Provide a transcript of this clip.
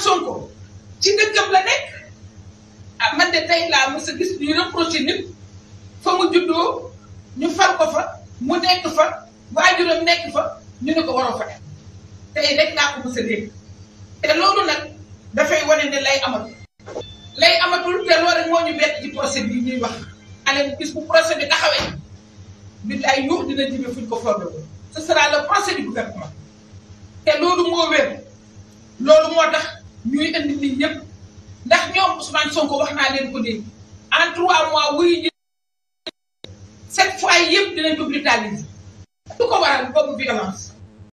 Ousmane Sonko ci dëkkam la nekk ah man de tey laa mës a gis ñu reproché nit fa mu juddoo ñu far ko fa mu nekk fa waajuram nekk fa ñu ne ko waroo fa def tey rek laa te loolu nag dafay wane ne lay amatul lay amatul te loolu rek moo ñu bett ci procès bi taxawee billaay yuux dina jëme fuñ ko formé ce te loolu moo wér ñuy indi nit ñëpp ndax ñoom Ousmane Sonko wax naa leen ko dégg en trois mois wuyu ji cette fois yëpp dinañ ko brutaliser. du ko waral boobu violence